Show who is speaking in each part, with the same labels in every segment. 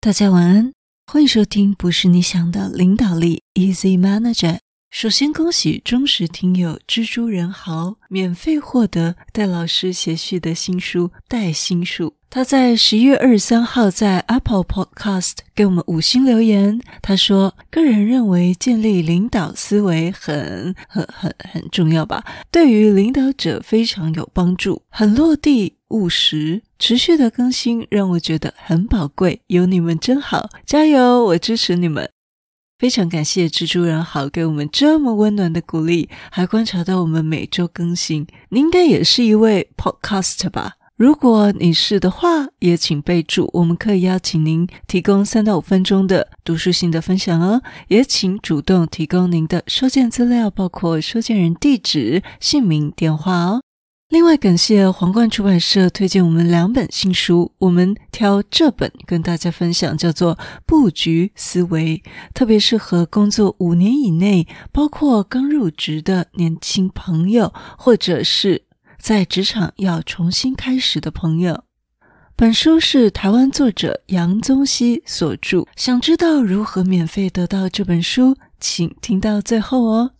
Speaker 1: 大家晚安，歡迎收聽《不是你想的領導力》Easy Manager。首先，恭喜忠實聽友蜘蛛人豪免費獲得戴老師寫序的新書《帶心術》。他在十一月二十三號在 Apple Podcast 給我們五星留言，他說：“個人認為建立領導思維很、很、很、很重要吧，對於領導者非常有幫助，很落地、務實，持續的更新讓我覺得很寶貴。有你們真好，加油！我支持你們。”非常感謝蜘蛛人好給我們這麼溫暖的鼓勵，還觀察到我們每周更新。您應該也是一位 podcast 吧？如果你是的話，也請備注，我們可以邀請您提供三到五分鐘的讀書心得分享哦。也請主動提供您的收件資料，包括收件人地址、姓名、電話哦。另外，感謝皇冠出版社推薦我們兩本新書，我們挑這本跟大家分享，叫做《布局思維》，特別適合工作五年以內，包括剛入職的年輕朋友，或者是在職場要重新開始的朋友。本書是台灣作者楊宗熙所著。想知道如何免費得到這本書，請聽到最後哦。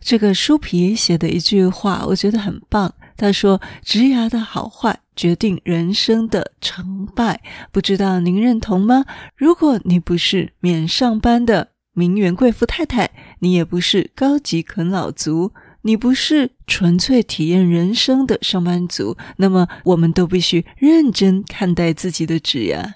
Speaker 1: 這個書皮寫的一句話，我覺得很棒。他說：“職涯的好壞決定人生的成敗，不知道您認同嗎？如果你不是免上班的名媛貴婦太太，你也不是高級啃老族，你不是純粹體驗人生的上班族，那麼我們都必須認真看待自己的職涯。”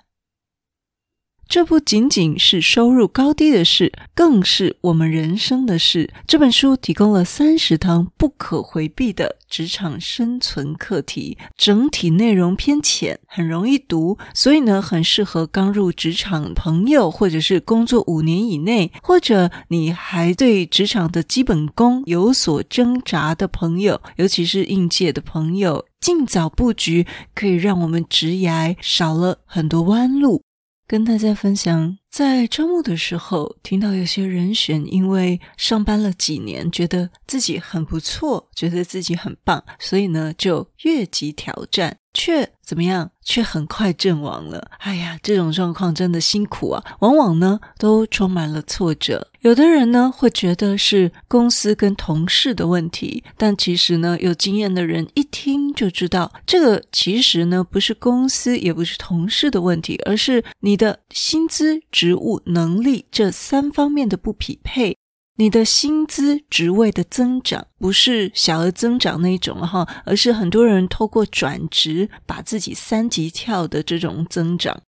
Speaker 1: 這不僅僅是收入高低的事，更是我們人生的事。這本書提供了三十堂不可回避的職場生存課題，整體內容偏淺，很容易讀，所以呢，很適合剛入職場朋友，或者是工作五年以內，或者你還對職場的基本功有所掙扎的朋友，尤其是應屆的朋友，儘早布局，可以讓我們職涯少了很多彎路。跟大家分享，在招募的時候，聽到有些人選因為上班了幾年，覺得自己很不錯，覺得自己很棒，所以呢，就越級挑戰。卻怎麼樣？卻很快陣亡了。哎呀，這種狀況真的辛苦啊！往往呢，都充滿了挫折。有的人呢，會覺得是公司跟同事的問題，但其實呢，有經驗的人一聽就知道，這個其實呢，不是公司也不是同事的問題，而是你的薪資、職務、能力這三方面的不匹配。你的薪資職位的增長不是小額增長那一種哈，而是很多人透過轉職把自己三級跳的這種增長，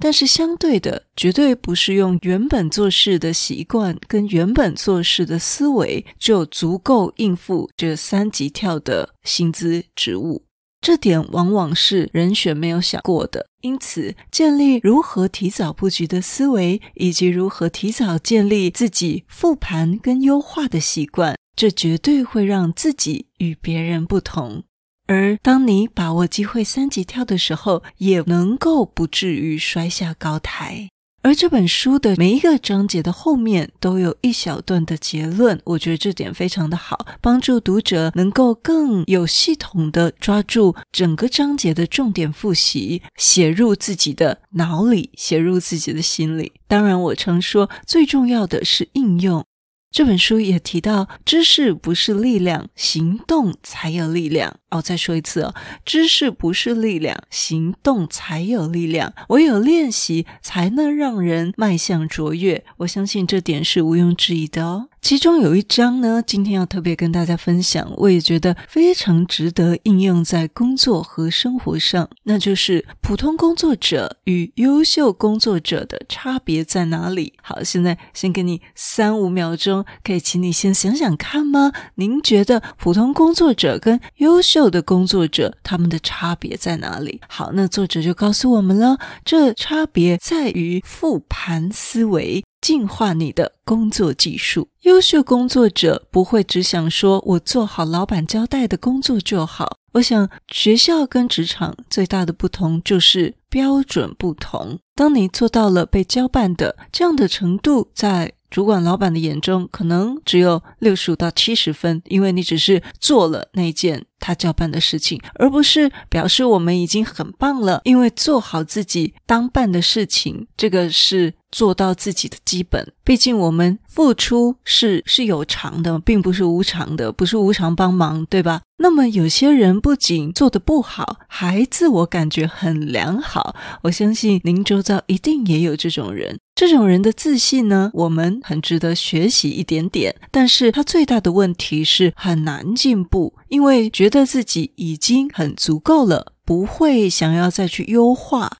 Speaker 1: 但是相對的，絕對不是用原本做事的習慣跟原本做事的思維就足夠應付這三級跳的薪資職務。.這點往往是人選沒有想過的，因此建立如何提早布局的思維，以及如何提早建立自己復盤跟優化的習慣，這絕對會讓自己與別人不同。而當你把握機會三級跳的時候，也能夠不至於摔下高台。而這本書的每一個章節的後面都有一小段的結論，我覺得這點非常的好，幫助讀者能夠更有系統的抓住整個章節的重點複習，寫入自己的腦裡，寫入自己的心裡。當然，我常說最重要的是應用。這本書也提到，知識不是力量，行動才有力量。哦，再說一次哦，知識不是力量，行動才有力量。唯有練習，才能讓人邁向卓越。我相信這點是毋庸置疑的哦。其中有一章呢，今天要特別跟大家分享，我也覺得非常值得應用在工作和生活上，那就是普通工作者與優秀工作者的差別在哪裡？好，現在先給你三五秒鐘，可以請你先想想看嗎？您覺得普通工作者跟優秀的工作者他們的差別在哪裡？好，那作者就告訴我們了，這差別在於複盤思維。進化你的工作技術。優秀工作者不會只想說“我做好老闆交代的工作就好”。我想，學校跟職場最大的不同就是標準不同。當你做到了被交辦的這樣的程度，在主管老闆的眼中，可能只有六十五到七十分，因為你只是做了那件他交辦的事情，而不是表示我們已經很棒了。因為做好自己當辦的事情，這個是。做到自己的基本，畢竟我們付出是是有償的，並不是無償的，不是無償幫忙，對吧？那麼有些人不僅做得不好，還自我感覺很良好。我相信您周遭一定也有這種人，這種人的自信呢，我們很值得學習一點點。但是他最大的問題是很難進步，因為覺得自己已經很足夠了，不會想要再去優化。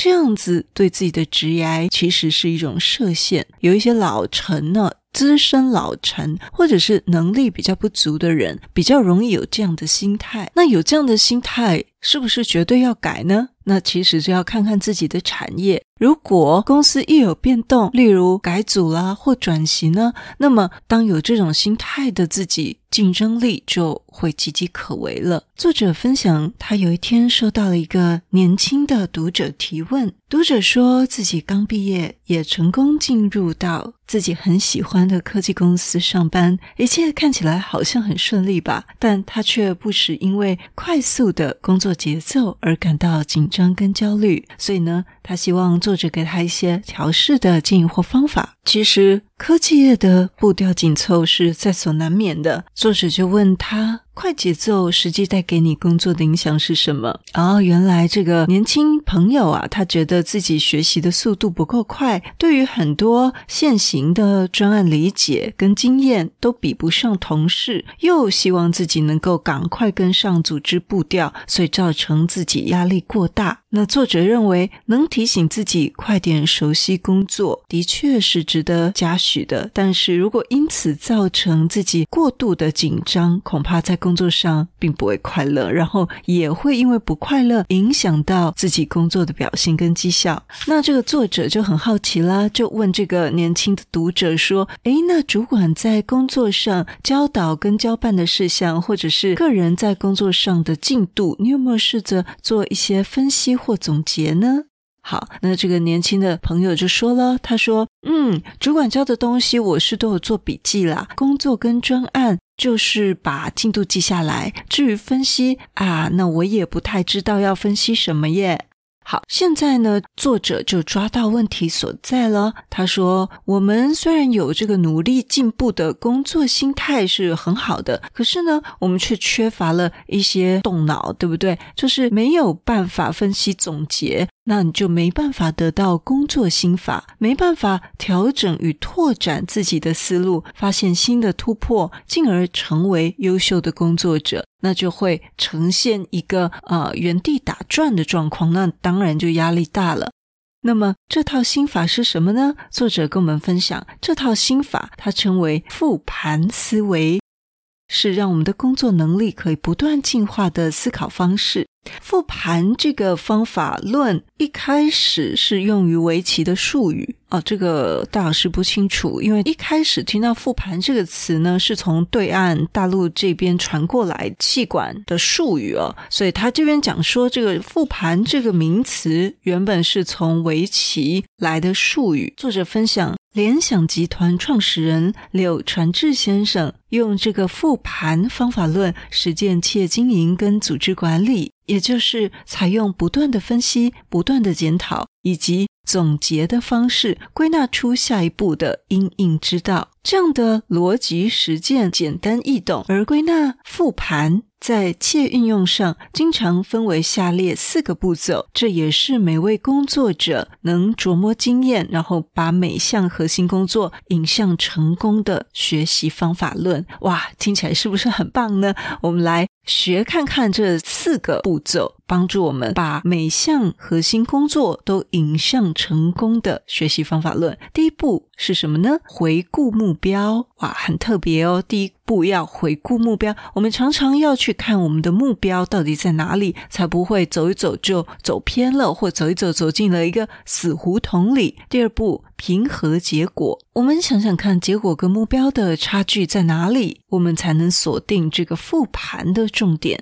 Speaker 1: 這樣子對自己的職涯其實是一種設限。有一些老臣呢，資深老臣，或者是能力比較不足的人，比較容易有這樣的心態。那有這樣的心態，是不是絕對要改呢？那其實就要看看自己的產業。如果公司一有變動，例如改組啦或轉型呢，那麼當有這種心態的自己，競爭力就會岌岌可危了。作者分享，他有一天收到了一個年輕的讀者提問，讀者說自己剛畢業，也成功進入到自己很喜歡的科技公司上班，一切看起來好像很順利吧，但他卻不時因為快速的工作節奏而感到緊張跟焦慮，所以呢，他希望做。作者給他一些調試的建議或方法。其實科技業的步調緊湊是在所難免的。作者就問他：“快節奏實際帶給你工作的影響是什麼？”哦，原來這個年輕朋友啊，他覺得自己學習的速度不夠快，對於很多現行的專案理解跟經驗都比不上同事，又希望自己能夠趕快跟上組織步調，所以造成自己壓力過大。那作者認為，能提醒自己快點熟悉工作，的確是值得嘉許的。但是如果因此造成自己過度的緊張，恐怕在工作上並不會快樂，然後也會因為不快樂影響到自己工作的表現跟績效。那這個作者就很好奇啦，就問這個年輕的讀者說：“誒，那主管在工作上教導跟交辦的事項，或者是個人在工作上的進度，你有沒有試着做一些分析？”或總結呢？好，那這個年輕的朋友就說了，他說：“嗯，主管教的東西我是都有做筆記啦，工作跟專案就是把進度記下來。至於分析啊，那我也不太知道要分析什麼耶。”好，現在呢，作者就抓到問題所在了。他說，我們雖然有這個努力進步的工作心態是很好的，可是呢，我們卻缺乏了一些動腦，對不對？就是沒有辦法分析總結。那你就沒辦法得到工作心法，沒辦法調整與拓展自己的思路，發現新的突破，進而成為優秀的工作者。那就會呈現一個呃原地打轉的狀況，那當然就壓力大了。那麼這套心法是什麼呢？作者跟我們分享，這套心法它稱為復盤思維，是讓我們的工作能力可以不斷進化的思考方式。復盤這個方法論一開始是用於圍棋的術語啊、哦，這個戴老師不清楚，因為一開始聽到“復盤”這個詞呢，是從對岸大陸這邊傳過來氣管的術語哦，所以他這邊講說，這個“復盤”這個名詞原本是從圍棋來的術語。作者分享，聯想集團創始人柳傳志先生用這個復盤方法論實踐企業經營跟組織管理。也就是採用不斷的分析、不斷的檢討以及總結的方式，歸納出下一步的因應之道。這樣的邏輯實踐簡單易懂，而歸納復盤在切運用上，經常分為下列四個步驟，這也是每位工作者能琢磨經驗，然後把每項核心工作引向成功的學習方法論。哇，聽起來是不是很棒呢？我們來學看看這四個步驟，幫助我們把每項核心工作都引向成功的學習方法論。第一步是什麼呢？回顧目。目標，哇，很特別哦。第一步要回顧目標，我們常常要去看我們的目標到底在哪裡，才不會走一走就走偏了，或走一走走進了一個死胡同裡。第二步，評核結果，我們想想看，結果跟目標的差距在哪裡，我們才能鎖定這個復盤的重點。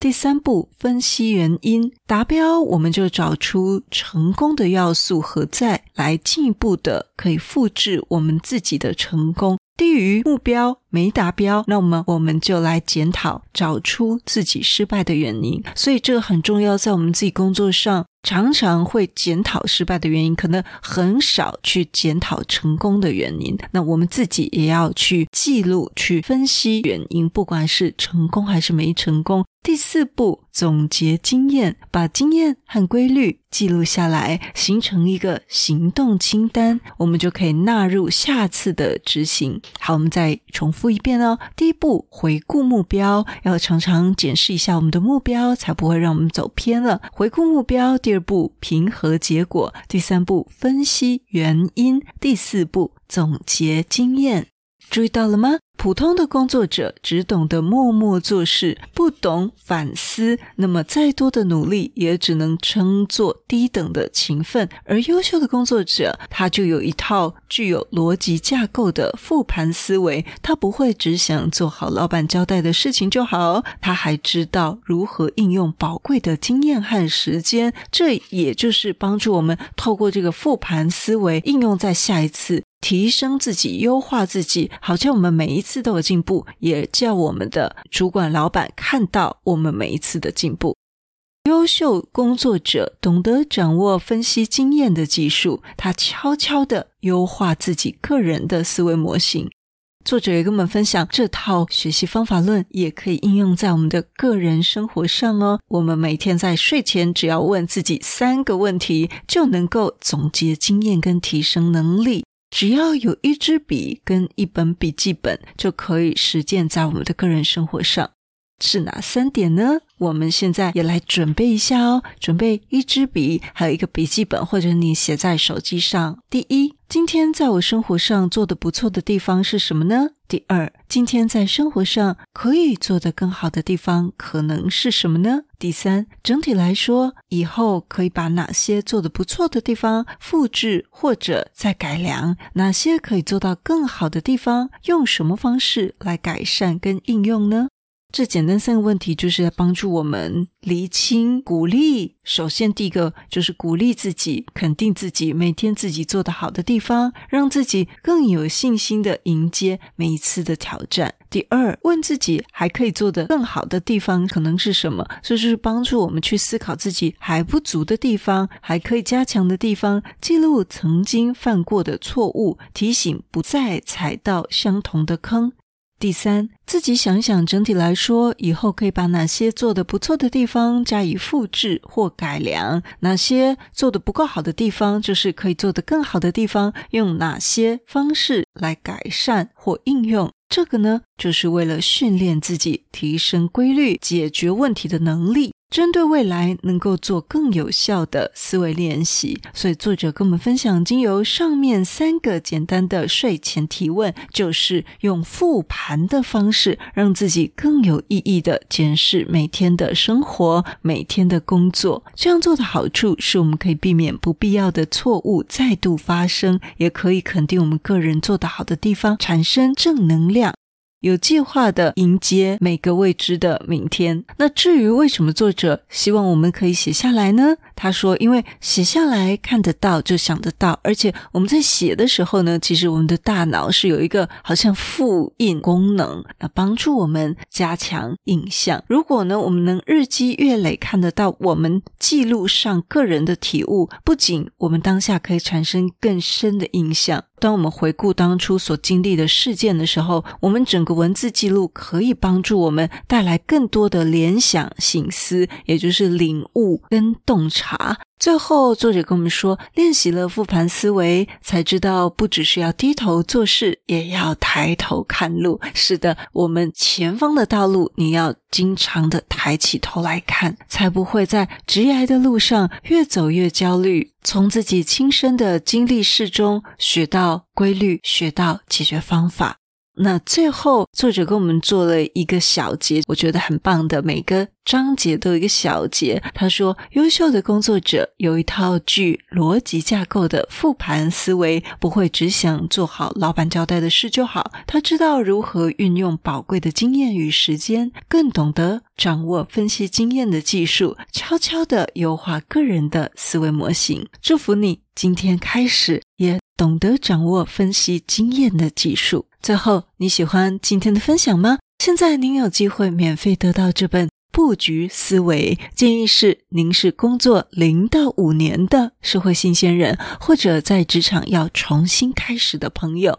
Speaker 1: 第三步，分析原因，達標，我們就找出成功的要素何在，來進一步的可以複製我們自己的成功。低於目標。沒達標，那麼我們就來檢討，找出自己失敗的原因。所以這個很重要，在我們自己工作上，常常會檢討失敗的原因，可能很少去檢討成功的原因。那我們自己也要去記錄、去分析原因，不管是成功還是沒成功。第四步，總結經驗，把經驗和規律記錄下來，形成一個行動清單，我們就可以納入下次的執行。好，我們再重複。複一遍哦。第一步，回顧目標，要常常檢視一下我們的目標，才不會讓我們走偏了。回顧目標。第二步，評核結果。第三步，分析原因。第四步，總結經驗。注意到了嗎？普通的工作者只懂得默默做事，不懂反思，那麼再多的努力也只能稱作低等的勤奮。而優秀的工作者，他就有一套具有邏輯架、架構的複盤思維。他不會只想做好老闆交代的事情就好，他還知道如何應用寶貴的經驗和時間。這也就是幫助我們透過這個複盤思維應用在下一次。提升自己，優化自己，好像我們每一次都有進步，也叫我們的主管、老闆看到我們每一次的進步。優秀工作者懂得掌握分析經驗的技術，他悄悄地優化自己個人的思維模型。作者也跟我們分享，這套學習方法論也可以應用在我們的個人生活上哦。我們每天在睡前，只要問自己三個問題，就能夠總結經驗跟提升能力。只要有一支筆跟一本筆記本，就可以實踐在我們的個人生活上。是哪三點呢？我們現在也來準備一下哦，準備一支筆，還有一個筆記本，或者你寫在手機上。第一，今天在我生活上做得不錯的地方是什麼呢？第二，今天在生活上可以做得更好的地方可能是什麼呢？第三，整體來說，以後可以把哪些做得不錯的地方複製或者再改良，哪些可以做到更好的地方，用什麼方式來改善跟應用呢？這簡單三個問題，就是在幫助我們釐清、鼓勵。首先，第一個就是鼓勵自己、肯定自己，每天自己做得好的地方，讓自己更有信心的迎接每一次的挑戰。第二，問自己還可以做得更好的地方可能是什麼，這就是幫助我們去思考自己還不足的地方，還可以加強的地方。記錄曾經犯過的錯誤，提醒不再踩到相同的坑。第三，自己想一想，整體來說，以後可以把哪些做得不錯的地方加以複製或改良，哪些做得不夠好的地方，就是可以做得更好的地方，用哪些方式來改善或應用？這個呢，就是為了訓練自己，提升規律解決問題的能力。針對未來能夠做更有效的思維練習，所以作者跟我們分享，經由上面三個簡單的睡前提問，就是用複盤的方式，讓自己更有意義的檢視每天的生活、每天的工作。這樣做的好處是我們可以避免不必要的錯誤再度發生，也可以肯定我們個人做的好的地方，產生正能量。有計劃的迎接每個未知的明天。那至於為什麼作者希望我們可以寫下來呢？他說：“因為寫下來看得到，就想得到。而且我們在寫的時候呢，其實我們的大腦是有一個好像複印功能，啊，幫助我們加強印象。如果呢，我們能日積月累看得到我們記錄上個人的體悟，不僅我們當下可以產生更深的印象。當我們回顧當初所經歷的事件的時候，我們整個文字記錄可以幫助我們帶來更多的聯想、省思，也就是領悟跟洞察。”好，最後作者跟我們說，練習了復盤思維，才知道不只是要低頭做事，也要抬頭看路。是的，我們前方的道路，你要經常的抬起頭來看，才不會在職業的路上越走越焦慮。從自己親身的經歷事中，學到規律，學到解決方法。那最後，作者給我們做了一個小結，我覺得很棒的。每個章節都有一個小結。他說，優秀的工作者有一套具邏輯架架構的復盤思維，不會只想做好老板交代的事就好。他知道如何運用寶貴的經驗與時間，更懂得掌握分析經驗的技術，悄悄的優化個人的思維模型。祝福你今天開始也懂得掌握分析經驗的技術。最後，你喜歡今天的分享嗎？現在您有機會免費得到這本《布局思維》，建議是您是工作零到五年的社會新鮮人，或者在職場要重新開始的朋友。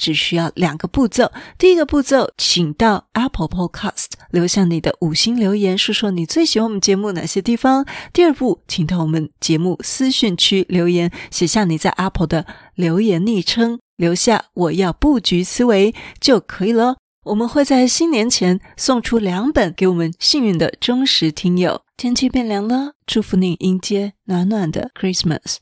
Speaker 1: 只需要兩個步驟。第一個步驟，請到 Apple Podcast 留下你的五星留言，說說你最喜歡我們節目哪些地方。第二步，請到我們節目私訊區留言，寫下你在 Apple 的留言昵稱，留下“我要布局思維”就可以了。我們會在新年前送出兩本給我們幸運的忠實聽友。天氣變涼了，祝福你迎接暖暖的 Christmas。